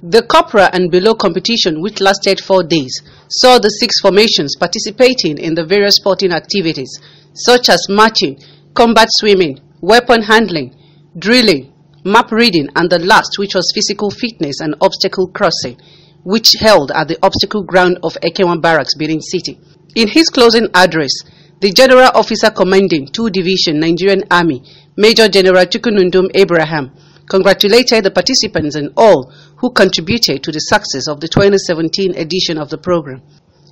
The Copra and Below competition, which lasted four days, saw the six formations participating in the various sporting activities, such as marching, combat swimming, weapon handling, drilling, map reading, and the last, which was physical fitness and obstacle crossing, which held at the obstacle ground of Ekewan Barracks, Benin City. In his closing address, the General Officer Commanding 2 Division Nigerian Army, Major General Chukunundum Abraham, congratulated the participants and all who contributed to the success of the 2017 edition of the program.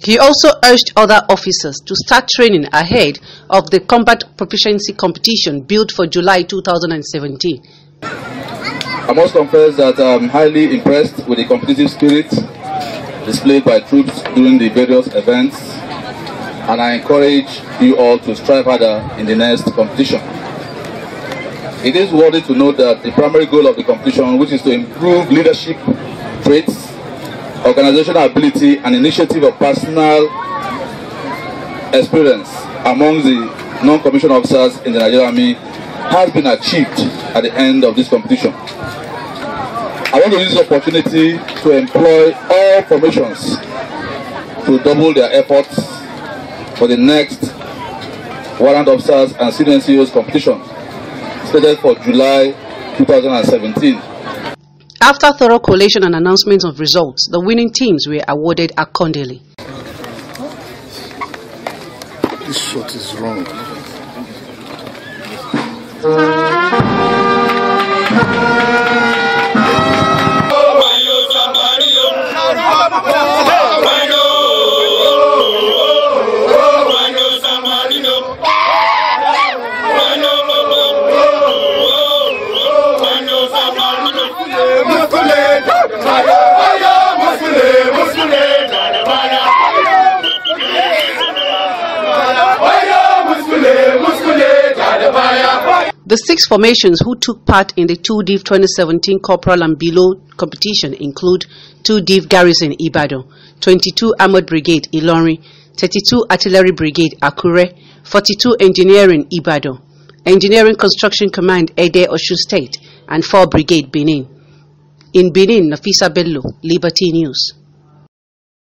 He also urged other officers to start training ahead of the combat proficiency competition built for July 2017. I must confess that I'm highly impressed with the competitive spirit displayed by troops during the various events and I encourage you all to strive harder in the next competition. It is worthy to note that the primary goal of the competition, which is to improve leadership traits, organizational ability, and initiative of personal experience among the non-commissioned officers in the Nigerian Army, has been achieved at the end of this competition. I want to use this opportunity to employ all formations to double their efforts for the next warrant officers and senior CEOs competition scheduled for July 2017. After thorough collation and announcement of results, the winning teams were awarded accordingly. This shot is wrong. The six formations who took part in the 2DIV 2017 Corporal and Below competition include 2DIV Garrison Ibadan, 22 Armored Brigade Ilori, 32 Artillery Brigade Akure, 42 Engineering Ibadan, Engineering Construction Command Ede Oshu State, and 4 Brigade Benin. In Benin, Nafisa Bello, Liberty News.